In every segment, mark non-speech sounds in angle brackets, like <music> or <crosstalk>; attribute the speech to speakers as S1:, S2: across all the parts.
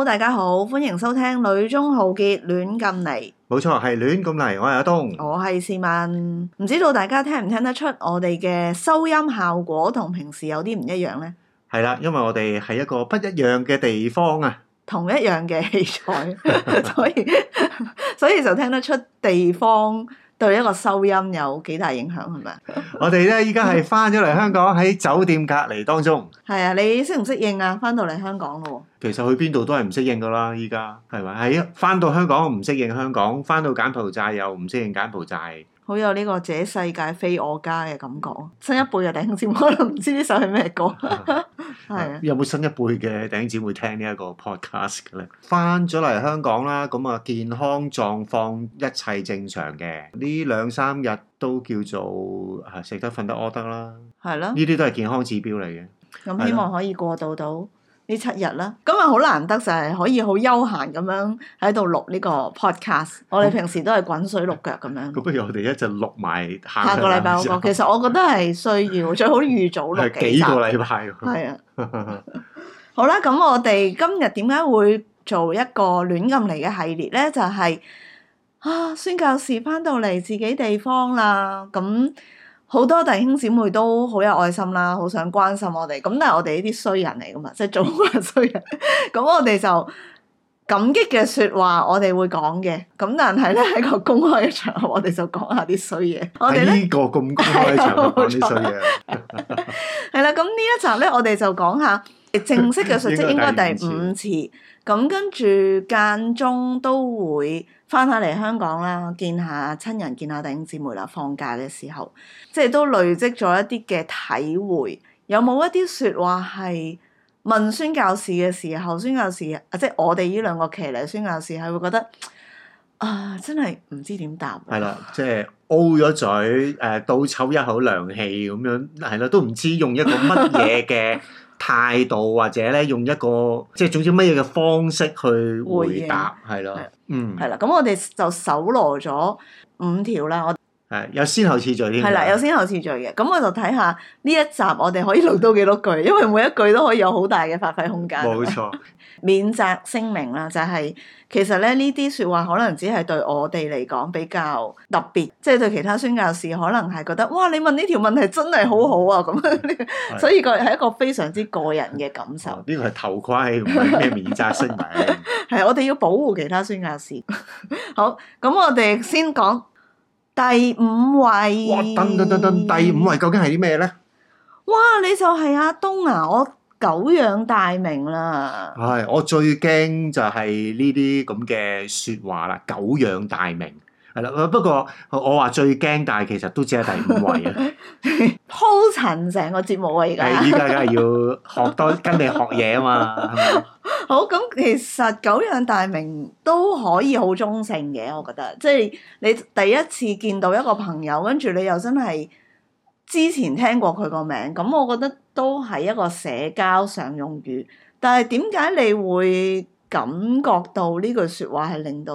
S1: 好，大家好，歡迎收聽《女中豪傑》，亂咁嚟，冇
S2: 錯，係亂咁嚟。我係阿東，
S1: 我係市民，唔知道大家聽唔聽得出我哋嘅收音效果同平時有啲唔一樣呢？
S2: 係啦，因為我哋係一個不一樣嘅地方啊，
S1: 同一樣嘅器材，所以所以就聽得出地方。對一個收音有幾大影響係咪？
S2: <laughs> 我哋咧依家係翻咗嚟香港喺酒店隔離當中。
S1: 係 <laughs> 啊，你適唔適應啊？翻到嚟香港咯喎。
S2: 其實去邊度都係唔適應噶啦，依家係咪？喺翻、啊、到香港唔適應香港，翻到柬埔寨又唔適應柬埔寨。
S1: 好有呢個這世界非我家嘅感覺，新一輩嘅頂尖姐妹唔知呢首係咩歌？係 <laughs> 啊！
S2: 有冇新一輩嘅頂尖姐妹聽呢一個 podcast 嘅咧？翻咗嚟香港啦，咁啊健康狀況一切正常嘅，呢兩三日都叫做食得瞓得屙得啦，係
S1: 咯、啊，呢啲
S2: 都係健康指標嚟嘅。
S1: 咁希望可以過渡到、啊。呢七日啦，咁啊好難得就係可以好悠閒咁樣喺度錄呢個 podcast、哦。我哋平時都係滾水淥腳咁樣。咁不
S2: 如我哋一陣錄埋下個禮拜好個。其
S1: 實我覺得係需要， <laughs> 最好預早錄幾，幾個禮拜。係 <laughs> 是啊。 <laughs> 好啦，咁我哋今日點解會做一個亂咁嚟嘅系列呢？就係、是、啊，宣教士翻到嚟自己地方啦，咁。好多弟兄姊妹都好有愛心啦，好想關心我哋，咁但係我哋呢啲衰人嚟噶嘛，即係做乜衰人？咁 <laughs> 我哋就感激嘅說話我說，我哋會講嘅，咁但係咧，喺個公開嘅場合，我哋就講下啲衰嘢。我哋呢個
S2: 咁公開嘅場合，講啲衰
S1: 嘢。係啦，咁呢、 <laughs> <laughs> 啊、一集咧，我哋就講下。正式嘅述職應該第五次，咁跟住間中都會翻下嚟香港啦，見下親人，見下弟兄姊妹啦。放假嘅時候，即係都累積咗一啲嘅體會。有冇一啲説話係問宣教士嘅時候，宣教士啊，即係我哋呢兩個騎呢，宣教士係會覺得啊，真係唔知點答。
S2: 係啦，即係 O 咗嘴，誒，倒抽一口涼氣咁樣，係啦，都唔知用一個乜嘢嘅態度或者咧，用一個即係總之乜嘢嘅方式去回答係咯，言的嗯，
S1: 係啦。咁我哋就搜羅咗五條啦，我。
S2: 係有先後次序添，係啦，有先
S1: 後次序嘅。咁我就睇下呢一集我哋可以錄到幾多句，因為每一句都可以有好大嘅發揮空間。冇錯，免責聲明啦，就係其實咧呢啲說話可能只係對我哋嚟講比較特別，即係對其他宣教士可能係覺得，哇！你問呢條問題真係好好啊，咁樣，
S2: 所以個
S1: 係一個非常之個人嘅感受。
S2: 呢個係頭盔，唔係咩免責聲明。
S1: 係 <laughs> 我哋要保護其他宣教士。好，咁我哋先講。第五位，哇！噔噔噔噔，第五位究竟係啲咩咧？哇！你就係阿東啊，我久仰大名啦。
S2: 係、哎，我最驚就係呢啲咁嘅說話啦，久仰大名。係啦，不過我話最驚，但係其實都只係第五位
S1: 啊！鋪陳成個節目啊，而家，而家梗係
S2: 要學多 <laughs> 跟你學嘢啊嘛。
S1: 好，咁其實久仰大名都可以好中性嘅，我覺得，即係你第一次見到一個朋友，跟住你又真係之前聽過佢個名，咁我覺得都係一個社交常用語。但係點解你會感覺到呢句說話係令到？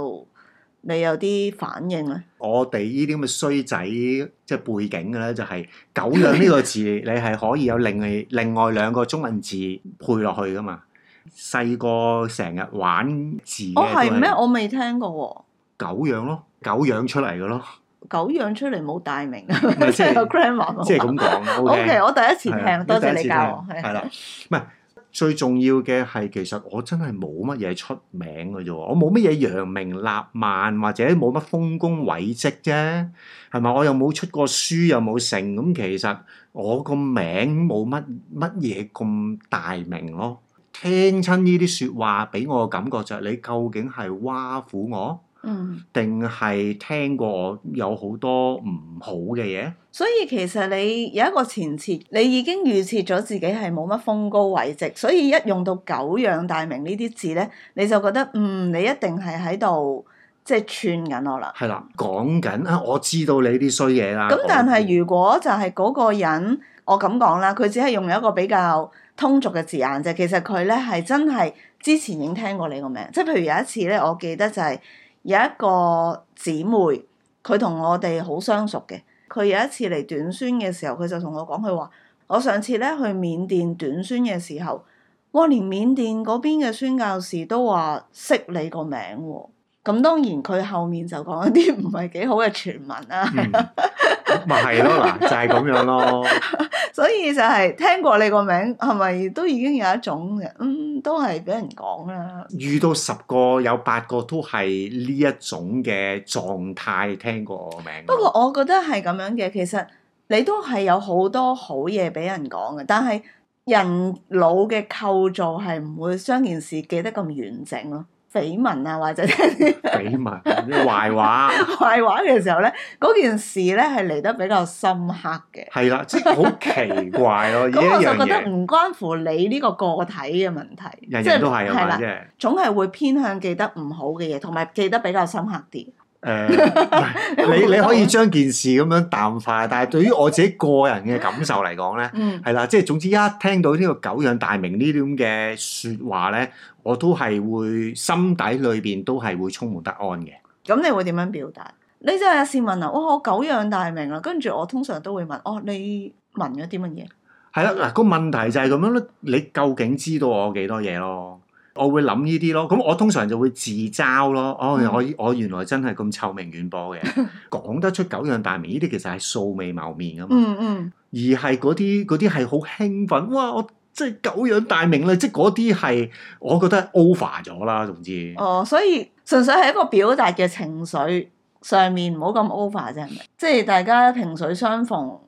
S1: 你有啲反應咧？
S2: 我哋呢啲咁嘅衰仔，即係背景嘅、就、咧、是，就係狗養呢個字，你係可以有另另外兩個中文字配落去噶嘛？細個成日玩字，哦係咩？我
S1: 未聽過喎。
S2: 狗養咯，狗養出嚟嘅咯。
S1: 狗養出嚟冇大名。即係 grammar，即係咁講。就是、 <laughs> o、okay, K，okay, 我第一次聽，的多謝你教我。係啦，
S2: 唔係。最重要嘅係，其實我真係冇乜嘢出名㗎啫，我冇乜嘢揚名立萬或者冇乜豐功偉績啫，係咪？我又冇出過書，又冇成，咁其實我個名冇乜乜嘢咁大名咯。聽親呢啲説話，俾我嘅感覺就係你究竟係挖苦我？嗯，定係聽過有好多唔好嘅嘢？
S1: 所以其實你有一個前設，你已經預設咗自己係冇乜豐功偉績，所以一用到「久仰大名」呢啲字咧，你就覺得嗯，你一定係喺度即係串緊我啦。
S2: 係啦，講緊啊，我知道你啲衰嘢啦。咁但係
S1: 如果就係嗰個人，我咁講啦，佢只係用一個比較通俗嘅字眼啫。其實佢咧係真係之前已經聽過你個名，即係譬如有一次咧，我記得就係、是。有一個姊妹，佢同我哋好相熟嘅。佢有一次嚟短宣嘅時候，佢就同我講：佢話我上次咧去緬甸短宣嘅時候，我連緬甸嗰邊嘅宣教士都話識你個名喎。咁當然佢後面就講一啲唔係幾好嘅傳聞啦，
S2: 咪係咯，嗱，就係咁樣咯。
S1: <laughs> 所以就係聽過你個名，係咪都已經有一種，嗯，都係俾人講啦。
S2: 遇到十個有八個都係呢一種嘅狀態，聽過我名。不
S1: 過我覺得係咁樣嘅，其實你都係有好多好嘢俾人講嘅，但係人腦嘅構造係唔會將件事記得咁完整咯。緋聞啊，或者啲
S2: 緋聞、啲壞 <laughs> 話，
S1: 壞話嘅時候咧，嗰件事咧係嚟得比較深刻嘅。
S2: 係啦，好奇怪咯！咁我就覺得唔
S1: 關乎你呢個個體嘅問題，人人都係咁嘅係啦，即係、就係、總係會偏向記得唔好嘅嘢，同埋記得比較深刻啲。誒，你你可以
S2: 將件事咁樣淡化，但係對於我自己個人嘅感受嚟講咧，係啦，即係總之一聽到呢個久仰大名呢啲咁嘅說話咧，我都係會心底裏邊都係會充滿不安嘅。
S1: 咁你會點樣表達？你即係有時問啊，我我久仰大名啦，跟住我通常都會問，哦，你問咗啲乜嘢？
S2: 係啦，嗱個問題就係咁樣咯，你究竟知道我幾多嘢咯？我會諗呢啲咯，咁我通常就會自嘲咯。嗯、哦，我我原來真係咁臭名遠播嘅，講 <laughs> 得出久仰大名呢啲其實係素未謀面啊嘛。嗯嗯而。而係嗰啲嗰啲係好興奮，哇！我真係久仰大名啦，即係嗰啲係我覺得 over 咗啦，總之。
S1: 哦，所以純粹係一個表達嘅情緒上面，唔好咁 over 啫，係咪？即、就、係、是、大家萍水相逢。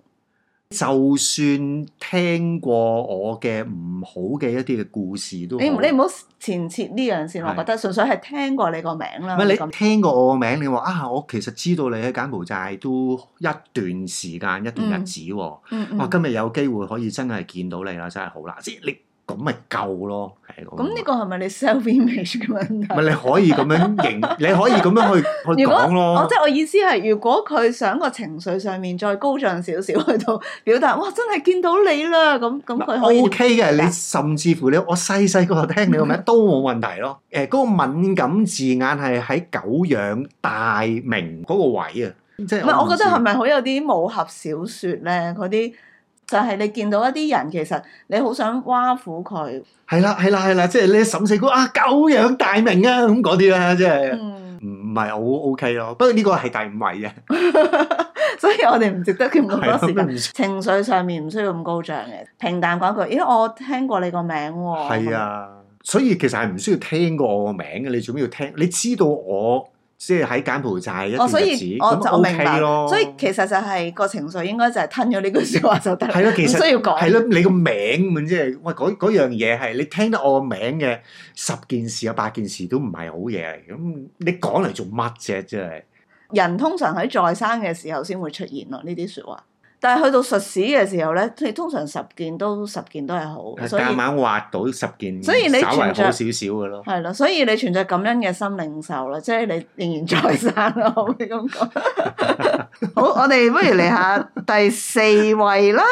S2: 就算聽過我嘅唔好嘅一啲嘅故事都，你你
S1: 唔好前設呢樣先，是我覺得純粹係聽過你個名啦。唔係是你，你
S2: 聽過我個名，你話啊，我其實知道你喺柬埔寨都一段時間、嗯、一段日子喎、哦。嗯嗯、哇，今日有機會可以真係見到你啦，真係好難，即係你。咁咪夠咯，咁呢
S1: 個係咪你 self image 嘅問題？唔係 <laughs> 你可以咁
S2: 樣認，你可以咁樣去 <laughs> 果去講咯。我即係我
S1: 意思係，如果佢想個情緒上面再高漲少少，去到表達，哇，真係見到你啦！咁咁佢可以 OK
S2: 嘅，你甚至乎你我細細個聽你個名、嗯、都冇問題咯。誒、欸，嗰、嗰個敏感字眼係喺久仰大名嗰個位啊，即
S1: 係唔係，我覺得係咪好有啲武俠小説咧嗰啲？就係你見到一啲人，其實你好想挖苦佢。
S2: 係啦，係啦，係啦，即係你審死官啊，久仰大名啊，咁嗰啲啦，即係唔係好 OK 咯？不過呢、okay、個係第五位
S1: 嘅， <laughs> <laughs> 所以我哋唔值得用咁多時間。情緒上面唔需要咁高漲嘅，平淡講一句，咦，我聽過你個名喎、啊。係
S2: 啊，所以其實係唔需要聽過我個名嘅，你做咩要聽？你知道我。即係喺柬埔寨一件事咁，所以我就明白，OK 咯，所以
S1: 其實就係個情緒應該就係吞咗呢句說話就得， <laughs> 其實唔 <laughs> 需要講。係
S2: 咯，你個名咁即係，喂嗰樣嘢係你聽得我個名嘅十件事啊八件事都唔係好嘢，咁你講嚟做乜啫？真係
S1: 人通常喺在生嘅時候先會出現咯，呢啲說話。但係去到述職嘅時候咧，佢通常十件都十件都係好，所以夾硬
S2: 挖到十件，所以你稍為好少少嘅咯。係咯，
S1: 所以你存在感恩嘅心領受啦，即係你仍然在生咯，我會咁講。好，我哋不如嚟下第四位啦。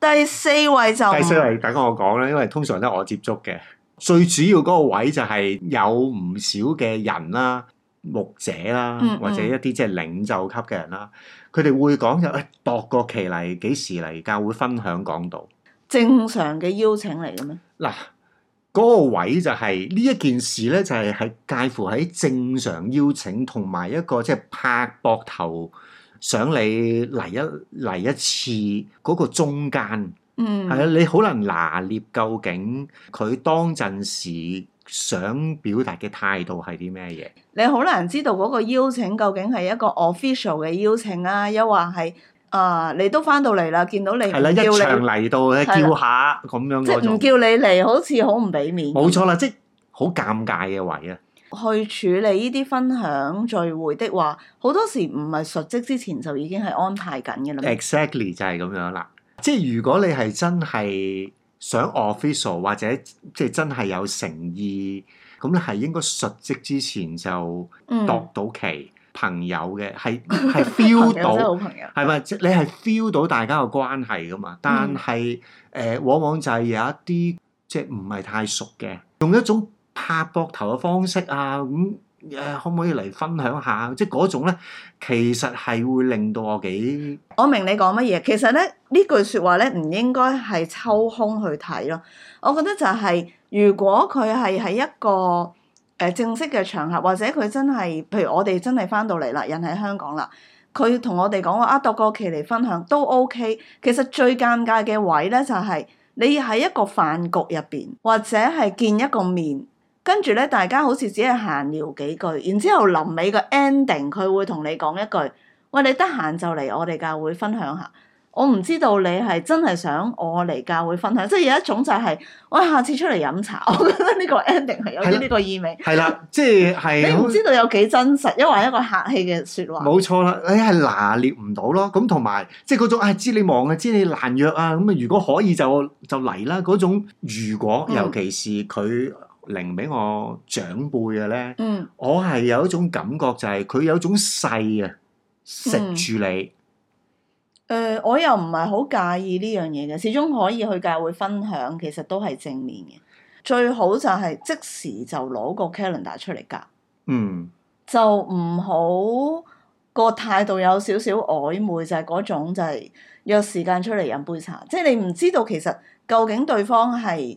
S1: 第四位就第四
S2: 位，等我講啦，因為通常都係我接觸嘅最主要嗰個位就係有唔少嘅人啦。牧者啦，或者一啲即係領袖級嘅人啦，佢哋、嗯嗯、會講就誒，度過期嚟幾時嚟教會分享講道，
S1: 正常嘅邀請嚟嘅咩？
S2: 嗱，嗰個位就係、是、呢一件事咧，就係係介乎喺正常邀請同埋一個即係拍膊頭想你嚟一嚟一次嗰個中間，嗯，係啊，你好難拿捏究竟佢當陣時。想表達嘅態度係啲咩嘢？
S1: 你好難知道嗰個邀請究竟係一個 official 嘅邀請啊，又話係啊，你都翻到嚟啦，見到你係啦，一場嚟到的叫下
S2: 咁樣的。種即係唔叫
S1: 你嚟，好似好唔俾面。冇
S2: 錯啦，即係好尷尬嘅位啊！
S1: 去處理呢啲分享聚會的話，好多時唔係述職之前就已經係安排緊嘅啦。
S2: Exactly 就係咁樣啦。即係如果你係真係。想 official 或者即係真係有誠意，咁你係應該述職之前就度到期、嗯、朋友嘅，係係 feel 到，係咪？ <laughs> 即、就是、你係 feel 到大家個關係噶嘛？但係誒、嗯呃，往往就係有一啲即係唔係太熟嘅，用一種拍膊頭嘅方式啊咁。嗯誒、啊，可唔可以嚟分享下？即係嗰種咧，其實係會令到我幾。
S1: 我明你講乜嘢？其實咧，句呢句説話咧，唔應該係抽空去睇咯。我覺得就係、是，如果佢係喺一個誒正式嘅場合，或者佢真係，譬如我哋真係返到嚟啦，人喺香港啦，佢同我哋講話啊，度個期嚟分享都 OK。其實最尷尬嘅位咧，就係、是、你喺一個飯局入邊，或者係見一個面。跟住咧，大家好似只係閒聊幾句，然之後臨尾個 ending，佢會同你講一句，喂，你得閒就嚟我哋教會分享下。我唔知道你係真係想我嚟教會分享，即係有一種就係、是，喂，下次出嚟飲茶。我覺得呢個 ending 係有啲呢個意味。係
S2: 啦，即係係。 <laughs> 你唔知
S1: 道有幾真實，抑或一個客氣嘅説話？
S2: 冇錯啦，你係拿捏唔到咯。咁同埋即係嗰種啊，知你忙啊，知你難約啊。咁啊，如果可以就就嚟啦。嗰種如果，尤其是佢。嗯靈俾我長輩嘅咧，嗯、我係有一種感覺就係佢有種勢啊食住你。
S1: 誒、嗯呃，我又唔係好介意呢樣嘢嘅，始終可以去教會分享，其實都係正面嘅。最好就係即時就攞個 calendar 出嚟㗎。嗯，就唔好個態度有少少曖昧，就係、是、嗰種就係約時間出嚟飲杯茶，即係你唔知道其實究竟對方係。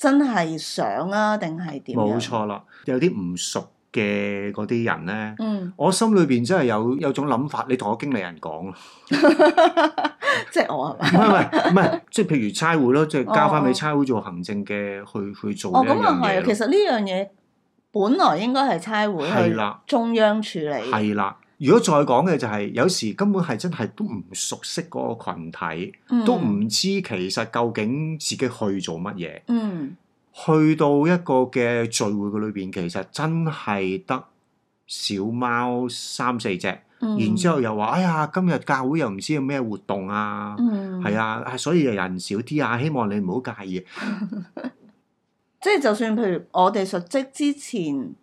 S1: 真係想啊，定係點？冇
S2: 錯啦，有啲唔熟嘅嗰啲人咧，嗯、我心裏邊真係有有種諗法，你同我經理人講
S1: 咯， <laughs> <laughs> 即係我啊，唔係唔係， <laughs> 即
S2: 係譬如差會咯，就係差會哦、即係交翻俾差會做行政嘅去去做哦，咁又係，其實呢
S1: 樣嘢本來應該係差會係啦，中央處理。係
S2: 啦。如果再講嘅就係、是、有時根本係真係都唔熟悉嗰個羣體，嗯、都唔知其實究竟自己去做乜嘢。嗯、去到一個嘅聚會嘅裏邊，其實真係得小貓三四隻。嗯、然之後又話：哎呀，今日教會又唔知有咩活動啊，係、嗯、啊，所以人少啲啊，希望你唔好介意。
S1: 即係 <laughs> 就，就算譬如我哋述職之前。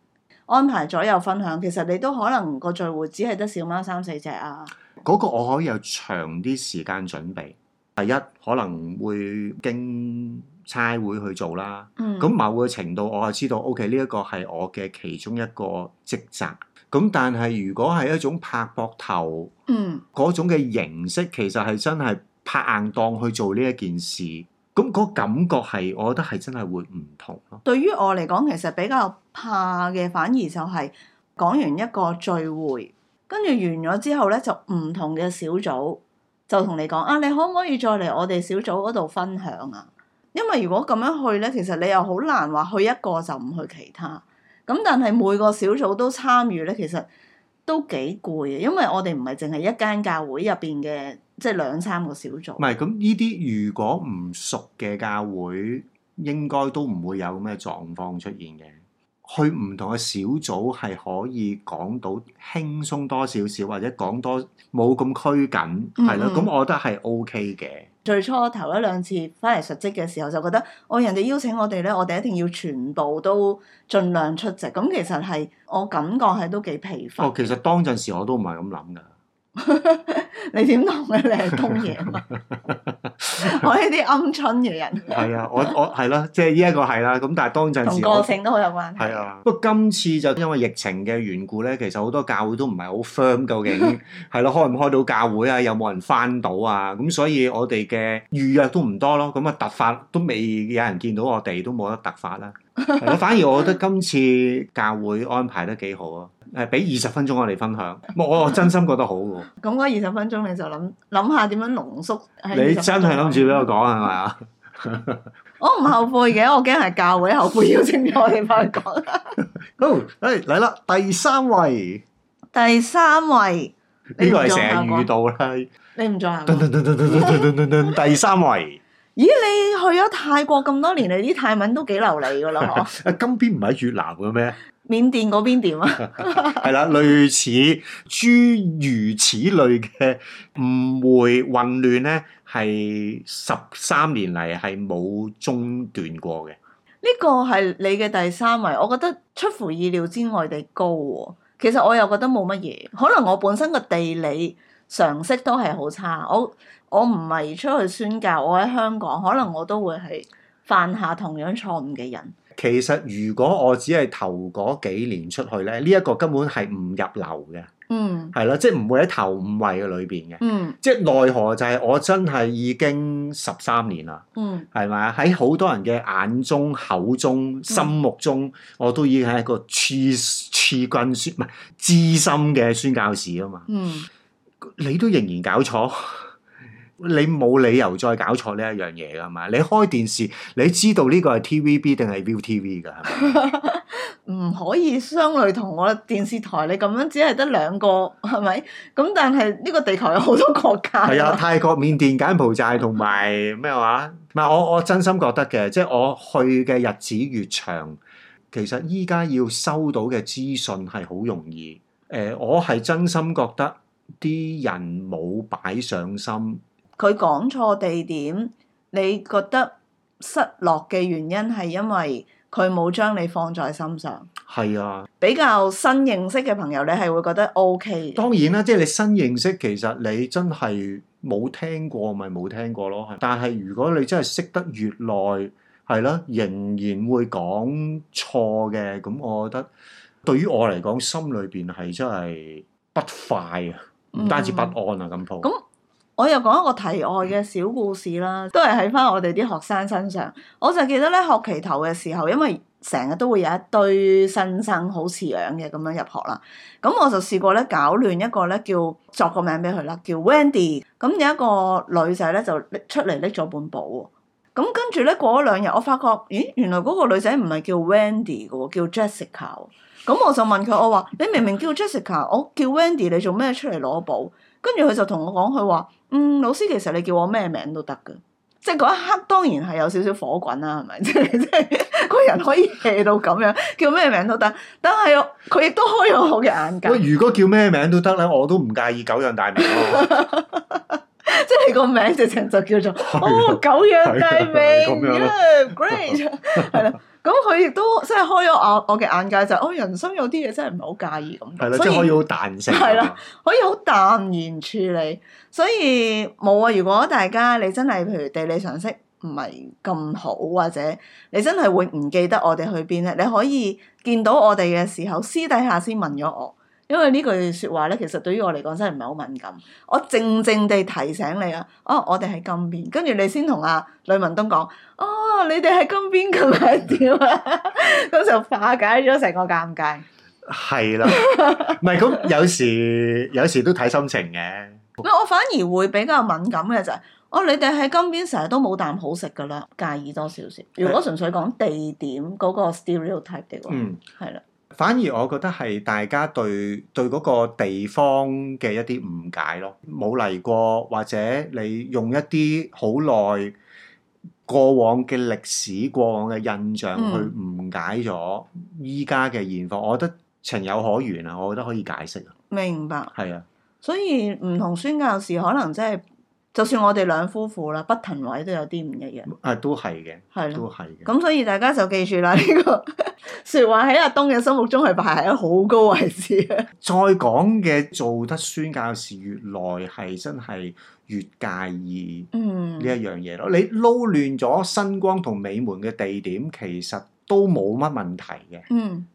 S1: 安排咗右分享，其實你都可能個聚會只係得小貓三四隻啊。
S2: 嗰個我可以有長啲時間準備。第一可能會經差會去做啦。咁、嗯、某個程度我係知道，OK 呢一個係我嘅其中一個職責。咁但係如果係一種拍膊頭，嗯，嗰種嘅形式其實係真係拍硬檔去做呢一件事。咁嗰感覺係，我覺得係真係會唔同咯。
S1: 對於我嚟講，其實比較怕嘅反而就係講完一個聚會，跟住完咗之後咧，就唔同嘅小組就同你講啊，你可唔可以再嚟我哋小組嗰度分享啊？因為如果咁樣去咧，其實你又好難話去一個就唔去其他。咁但係每個小組都參與咧，其實都幾攰呀，因為我哋唔係淨係一間教會入邊嘅。即係兩三個小組。唔係，
S2: 咁呢啲如果唔熟嘅教會，應該都唔會有咩狀況出現嘅。去唔同嘅小組係可以講到輕鬆多少少，或者講多冇咁拘謹，係咯，嗯嗯。咁我覺得係 O K 嘅。
S1: 最初頭一兩次翻嚟述職嘅時候，就覺得我、哦、人哋邀請我哋咧，我哋一定要全部都盡量出席。咁其實係我感覺係都幾疲乏。哦，
S2: 其實當陣時我都唔係咁諗噶。 <laughs>
S1: 你點講咧？你係講嘢嘛？ <laughs> <laughs> 我呢啲鵪鶉嘅人
S2: 係啊！我我係咯、啊，即係呢一個係啦。咁但係當陣時，同個
S1: 性都好有關係。 <laughs>
S2: 係啊，不過今次就因為疫情嘅緣故咧，其實好多教會都唔係好 firm，究竟係咯、啊、開唔開到教會啊？有冇人返到啊？咁所以我哋嘅預約都唔多咯。咁啊，突發都未有人見到我哋，都冇得突發啦。
S1: 我反而我覺得
S2: 今次教會安排得幾好啊，係俾二十分鐘我哋分享，我真心覺得好嘅。
S1: 咁嗰二十分鐘你就諗諗下點樣濃縮。你真
S2: 係諗住俾我講係咪啊？
S1: 我唔後悔嘅，我驚係教會後悔邀請我哋翻去講。好，
S2: 誒嚟啦，第三位，
S1: 第三位，呢個係成日遇到啦，你唔再行。噔
S2: 噔噔噔噔噔噔噔噔，第三位。
S1: 咦，你去咗泰國咁多年，你啲泰文都幾流利噶啦？
S2: 金邊唔係越南嘅咩？
S1: 緬甸嗰邊點啊？
S2: 係 <laughs> 啦， <laughs> 類似諸如此類嘅誤會混亂咧，係十三年嚟係冇中斷過嘅。
S1: 呢個係你嘅第三位。我覺得出乎意料之外地高喎，哦。其實我又覺得冇乜嘢，可能我本身個地理常識都係好差，我。我唔係出去宣教，我喺香港，可能我都會係犯下同樣錯誤嘅人。
S2: 其實如果我只係頭嗰幾年出去咧，呢、這、一個根本係唔入流嘅。嗯，係咯，即係唔會喺頭五位嘅裏邊嘅。嗯，即係奈何就係我真係已經十三年啦。嗯，係咪？喺好多人嘅眼中、口中、心目中，嗯、我都已經係一個次次君唔係資深嘅宣教士啊嘛。嗯，你都仍然搞錯。你冇理由再搞錯呢一樣嘢㗎嘛？你開電視，你知道呢個係 TVB 定係 ViuTV 㗎？
S1: 唔 <laughs> 可以相類同我電視台。你咁樣只係得兩個係咪？咁但係呢個地球有好多國家。係啊， <laughs> <laughs>
S2: 泰國、緬甸、柬埔寨同埋咩話？唔係我我真心覺得嘅，即係我去嘅日子越長，其實依家要收到嘅資訊係好容易。誒、呃，我係真心覺得啲人冇擺上心。
S1: 佢講錯地點，你覺得失落嘅原因係因為佢冇將你放在心上。
S2: 係啊，
S1: 比較新認識嘅朋友，你係會覺得 OK。當
S2: 然啦，即係你新認識，其實你真係冇聽過，咪冇聽過咯。但係如果你真係識得越耐，係啦，仍然會講錯嘅，咁我覺得對於我嚟講，心裏邊係真係不快啊，唔單止不安啊，咁鋪、嗯。次
S1: 我又講一個題外嘅小故事啦，都係喺翻我哋啲學生身上。我就記得咧學期頭嘅時候，因為成日都會有一堆新生好似樣嘅咁樣入學啦。咁、嗯、我就試過咧搞亂一個咧叫作個名俾佢啦，叫 Wendy。咁、嗯、有一個女仔咧就拎出嚟拎咗本簿喎。咁跟住咧過咗兩日，我發覺咦，原來嗰個女仔唔係叫 Wendy 嘅喎，叫 Jessica。咁、嗯、我就問佢我話：你明明叫 Jessica，我叫 Wendy，你做咩出嚟攞簿？跟住佢就同我講，佢話嗯，老師，其實你叫我咩名都得嘅，即係嗰一刻當然係有少少火滾啦，係咪？ <laughs> 即係即係個人可以 hea 到咁樣，叫咩名都得。但係佢亦都開咗好嘅眼界。喂，
S2: 如果叫咩名都得咧，我都唔介意久仰大名
S1: <laughs> <laughs> 即係你個名直情就叫做 <laughs> 哦久仰大名 great 係啦。咁佢亦都即係開咗我嘅眼界，就哦、是、人生有啲嘢真係唔係好介意咁，即係可以好
S2: 彈性，係
S1: 啦，可以好淡然處理。所以冇啊！如果大家你真係譬如地理常識唔係咁好，或者你真係會唔記得我哋去邊咧，你可以見到我哋嘅時候，私底下先問咗我，因為呢句説話咧，其實對於我嚟講真係唔係好敏感。我靜靜地提醒你啊，哦，我哋喺金邊，跟住你先同阿雷文東講，哦、啊。你哋喺金邊咁係點啊？嗰時候化解咗成個尷尬。
S2: 係啦，唔係咁有時有時都睇心情嘅。
S1: 我反而會比較敏感嘅就係，哦，你哋喺金邊成日都冇啖好食㗎啦，介意多少少。如果純粹講地點嗰個 stereotype 嘅話，嗯，係啦。
S2: 反而我覺得係大家對對嗰個地方嘅一啲誤解咯，冇嚟過或者你用一啲好耐。過往嘅歷史、過往嘅印象去誤解咗依家嘅現況，嗯、我覺得情有可原啊！我覺得可以解釋啊。
S1: 明白。係啊的，所以唔同宣教士可能真、就、係、是，就算我哋兩夫婦啦，不騰位都有啲唔一樣。
S2: 係都係嘅。係咯的。都係嘅。
S1: 咁所以大家就記住啦，呢、這個説話喺阿東嘅心目中係排喺好高位置嘅。
S2: 再講嘅做得宣教士越來係真係。越介意呢一、嗯、樣嘢咯，你撈亂咗新光同美門嘅地點，其實都冇乜問題嘅。嗯，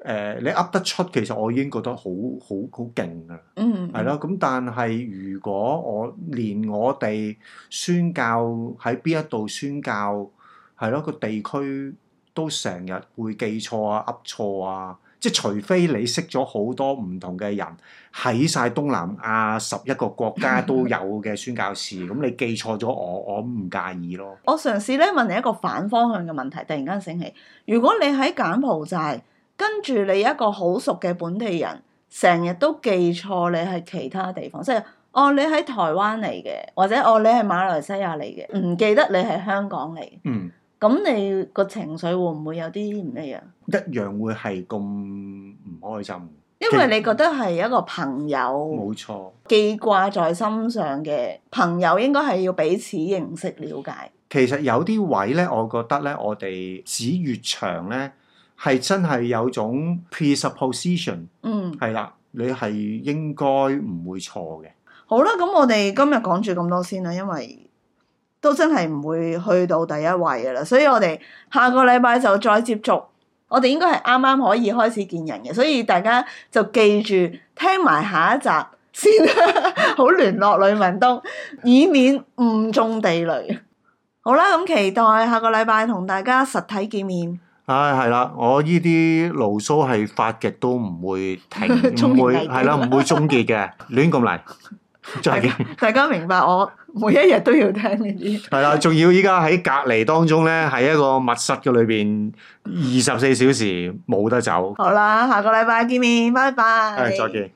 S2: 誒、呃，你噏得出，其實我已經覺得好好好勁噶啦。嗯，係咯，咁但係如果我連我哋宣教喺邊一度宣教，係咯，個地區都成日會記錯啊，噏錯啊！即係除非你識咗好多唔同嘅人喺晒東南亞十一個國家都有嘅宣教士，咁 <laughs> 你記錯咗我，我唔介意咯。
S1: 我嘗試咧問你一個反方向嘅問題，突然間醒起，如果你喺柬埔寨跟住你一個好熟嘅本地人，成日都記錯你係其他地方，即係哦你喺台灣嚟嘅，或者哦你係馬來西亞嚟嘅，唔記得你係香港嚟。嗯。咁你個情緒會唔會有啲唔一樣？
S2: 一樣會係咁唔開心。因為你
S1: 覺得係一個朋友，冇錯，記掛在心上嘅朋友應該係要彼此認識了解。
S2: 其實有啲位咧，我覺得咧，我哋指越長咧，係真係有種 presupposition，嗯，係啦，你係應該唔會錯嘅。
S1: 好啦，咁我哋今日講住咁多先啦，因為。都真係唔會去到第一位嘅啦，所以我哋下個禮拜就再接觸，我哋應該係啱啱可以開始見人嘅，所以大家就記住聽埋下一集先，啦。 <laughs> 好聯絡呂文東，以免誤中地雷。好啦，咁期待下個禮拜同大家實體見面。
S2: 唉、哎，係啦，我呢啲牢騷係發極都唔會停，唔 <laughs> 會係啦，唔會終結嘅， <laughs> 亂咁嚟。就係，再見，
S1: 大家明白 <laughs> 我每一日都要聽呢啲。
S2: 係啦，仲要依家喺隔離當中咧，喺一個密室嘅裏邊，二十四小時冇得走。 <laughs>
S1: 好啦，下個禮拜見面，拜拜。係，再
S2: 見。